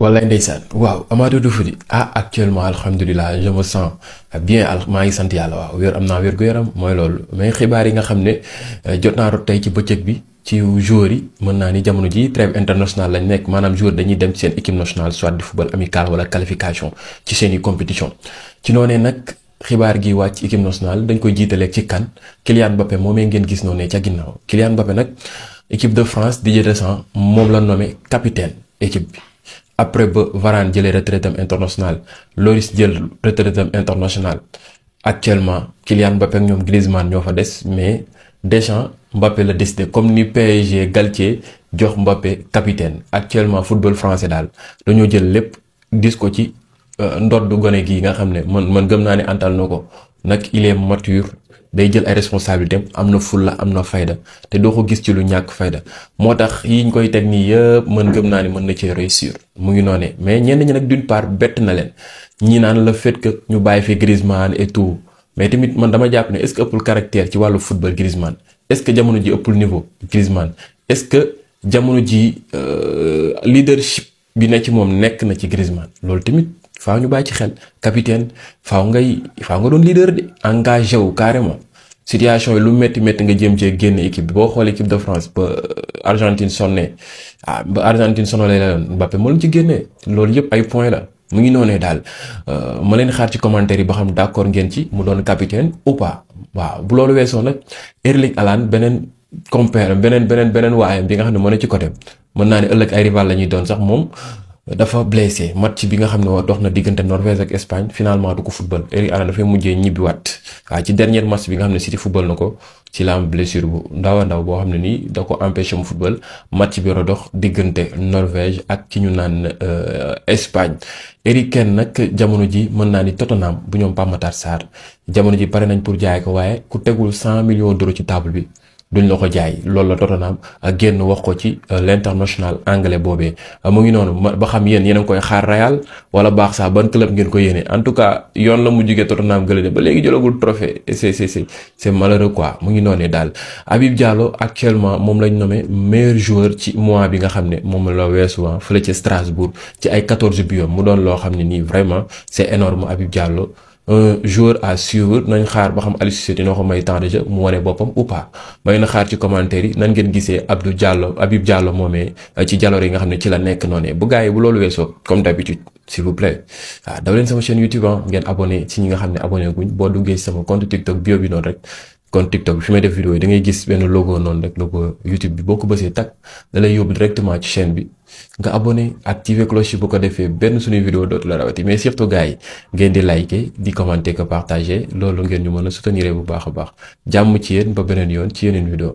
wallaay ndeysaan waaw Amadou Doufouri ah actuellement alhamdulilah je me sens bien maa ngi sant yàlla waaw wér am na wér gu yaram mooy loolu mais xibaar yi nga xam ne euh, jot naa rot tey ci bëccëg bi ci joueurs yi mën naa ni jamono ji trêve internationale lañ nekk maanaam joueur dañuy dem ci seen équipe nationale soit di football amical wala qualification ci seen i compétition ci noonee nag xibaar gi wàcc équipe nationale dañ koy jiitaleeg ci kan Kylian Mbappé moomee ngeen gis noonu ne ca ginnaaw Kylian Mbappé nag équipe de France Didier Deschamps moom la nommé capitaine équipe bi. après ba Varane jëlee retraite am international Loris jël retraite am actuellement Kylian Mbappé ñoom Griezmann ñoo fa des mais Deschamps Mbappé la décidé comme ni PSG Galtier jox Mbappé capitaine actuellement football français daal dañoo jël lépp dis ko ci euh, ndodd gone gii nga xam ne mën mën gëm naa ne antal na ko nag il mature day jël ay responsabilités am na fulla am na fayda te doo ko gis ci lu ñàkk fayda moo tax yiñ koy teg nii yëpp mën gëm naa ni mën na cee réussir mu ngi noonee mais ñenn ñi nag d'une part bett na leen ñi naan le fait ñu bàyyi fi Griezmann et tout mais tamit man dama jàpp ne est-ce que ëppul caractère ci wàllu football Griezmann est-ce que jamono ji ëppul niveau Griezmann est-ce que jamono ji euh, leadership bi ne ci moom nekk na ci Griezmann loolu tamit. faaw ñu bàyyi ci xel capitaine faaw ngay faaw nga doon leader de engagé wu carrément situation yi lu metti métti nga jëm cee génn équipe boo xoolee équipe de France ba euh, Argentine sonné ah ba Argentine sonné la yoon Mbappé moo leen ci génnee loolu yëpp ay point la mu ngi noonee daal euh, ma leen xaar ci commentaire yi ba xam d'accord ngeen ci mu doon capitaine ou pas waaw bu loolu weesoo nag Erling Haaland beneen compère beneen beneen beneen waayam bi nga xam ne moo ne ci côté mën naa ne ëllëg ay rival la ñuy doon sax moom. dafa blessé match bi nga xam ne dox na diggante Norvège ak Espagne finalement du ko football Eric Ana dafay mujjee ñibbiwaat waaye ci dernier match bi nga xam ne City football na ko ci la am blessure bu ndaw ndaw boo xam ne nii da ko empêché mu football match bi war a dox diggante Norvège ak ki ñu naan euh, Espagne Eric Kane nag jamono ji mën naa ni Tottenham bu ñoom Pape Matar jamono ji pare nañ pour jaay ko waaye ku tegul cent millions d'euros ci table bi. duñ la ko jaay loolu la Tottenham euh, génn wax ko ci euh, l'international anglais boobee euh, mu ngi noonu ba xam yéen yéen a koy xaar Real wala baax sax ban club ngeen ko yéene en tout cas yoon la mu jugee Tottenham gële ba léegi jëlagul trophée c'est c'est c'est malheureux quoi mu ngi noonu daal Habib Diallo actuellement moom lañ nommé meilleur joueur ci mois bi nga xam ne moom la weesu fële ci Strasbourg ci ay 14 buts mu doon loo xam ne nii vraiment c'est énorme Habib Diallo un jour à suivre nañ xaar ba xam Aliou Cissé dina ko may temps de jeu mu wane boppam ou pas may na xaar ci commentaire yi nan ngeen gisee Abdou Diallo Habib Diallo moomee euh, ci jaloor yi nga xam ne ci la nekk noonu bu gars yi bu loolu weesoo comme d'habitude s'il vous plaît waaw daw leen sama chaîne YouTube ah, ngeen abonné ci ñi nga xam ne abonné guñ boo duggee sama compte TikTok bio bi rek kon TikTok bi fi may def vidéo yi da ngay gis benn logo noonu rek logo YouTube bi boo ko bësee tag da lay yóbbu directement ci chaîne bi nga abonné activer cloche yi bu ko defee benn suñuy vidéo dootu la rawati mais surtout gars yi ngeen di liker di commenter ko partager loolu ngeen ñu mën a soutenir bu baax a baax jàmm ci yéen ba beneen yoon ci yenn vidéo